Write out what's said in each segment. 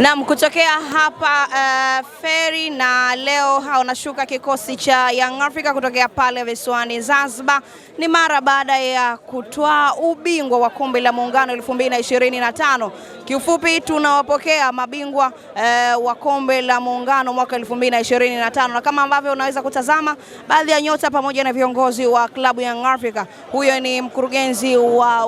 Naam, kutokea hapa uh, feri na leo hawanashuka kikosi cha Young Africa kutokea pale visiwani Zanzibar. Ni mara baada ya kutwaa ubingwa wa kombe la muungano 2025. Kiufupi tunawapokea mabingwa uh, wa kombe la muungano mwaka 2025, na kama ambavyo unaweza kutazama baadhi ya nyota pamoja na viongozi wa klabu Young Africa. Huyo ni mkurugenzi wa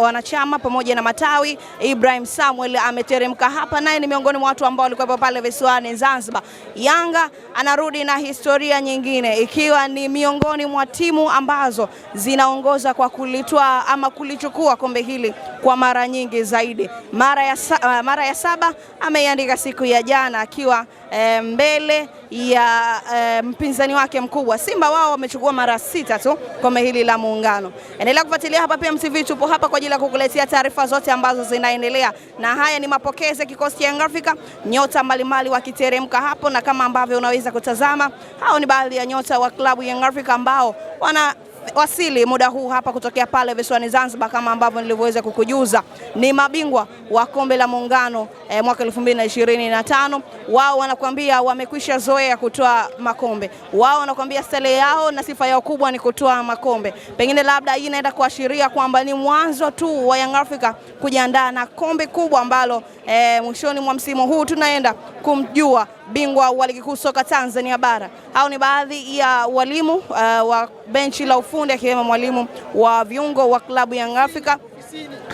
wanachama wa, pamoja na matawi Ibrahim Samuel ameteremka hapa naye ni miongoni mwa watu ambao walikuwepo pale visiwani Zanzibar. Yanga anarudi na historia nyingine, ikiwa ni miongoni mwa timu ambazo zinaongoza kwa kulitwaa ama kulichukua kombe hili kwa mara nyingi zaidi. Mara ya, sa, eh, mara ya saba ameiandika siku ya jana akiwa e, mbele ya e, mpinzani wake mkubwa Simba. Wao wamechukua mara sita tu kombe hili la Muungano. Endelea kufuatilia hapa pia TV, tupo hapa kwa ajili ya kukuletea taarifa zote ambazo zinaendelea, na haya ni mapokezi ya kikosi cha Africa, nyota mbalimbali wakiteremka hapo, na kama ambavyo unaweza kutazama, hao ni baadhi ya nyota wa klabu ya Africa ambao wana wamewasili muda huu hapa kutokea pale visiwani Zanzibar, kama ambavyo nilivyoweza kukujuza, ni mabingwa wa kombe la muungano e, mwaka 2025 wao wanakuambia wamekwisha zoea kutoa makombe, wao wanakuambia stale yao na sifa yao kubwa ni kutoa makombe. Pengine labda hii inaenda kuashiria kwamba ni mwanzo tu wa Young Africa kujiandaa na kombe kubwa ambalo e, mwishoni mwa msimu huu tunaenda kumjua bingwa wa ligi kuu soka Tanzania bara. Hao ni baadhi ya walimu uh, wa benchi la ufundi akiwemo mwalimu wa viungo wa klabu Young Africa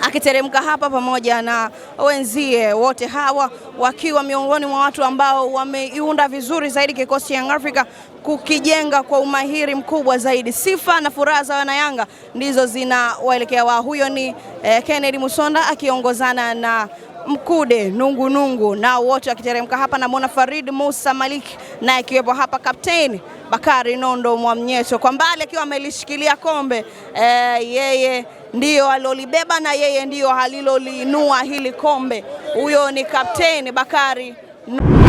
akiteremka hapa pamoja na wenzie wote hawa wakiwa miongoni mwa watu ambao wameiunda vizuri zaidi kikosi cha Young Africa kukijenga kwa umahiri mkubwa zaidi. Sifa na furaha za wana yanga ndizo zinawaelekea wao. Huyo ni eh, Kennedy Musonda akiongozana na Mkude nungu nungu nao wote wakiteremka hapa. Namwona Farid Musa Malik naye akiwepo hapa, kapteni Bakari Nondo Mwamnyeto kwa mbali akiwa amelishikilia kombe e, yeye ndiyo alolibeba na yeye ndiyo aliloliinua hili kombe. Huyo ni kapteni Bakari Nondo.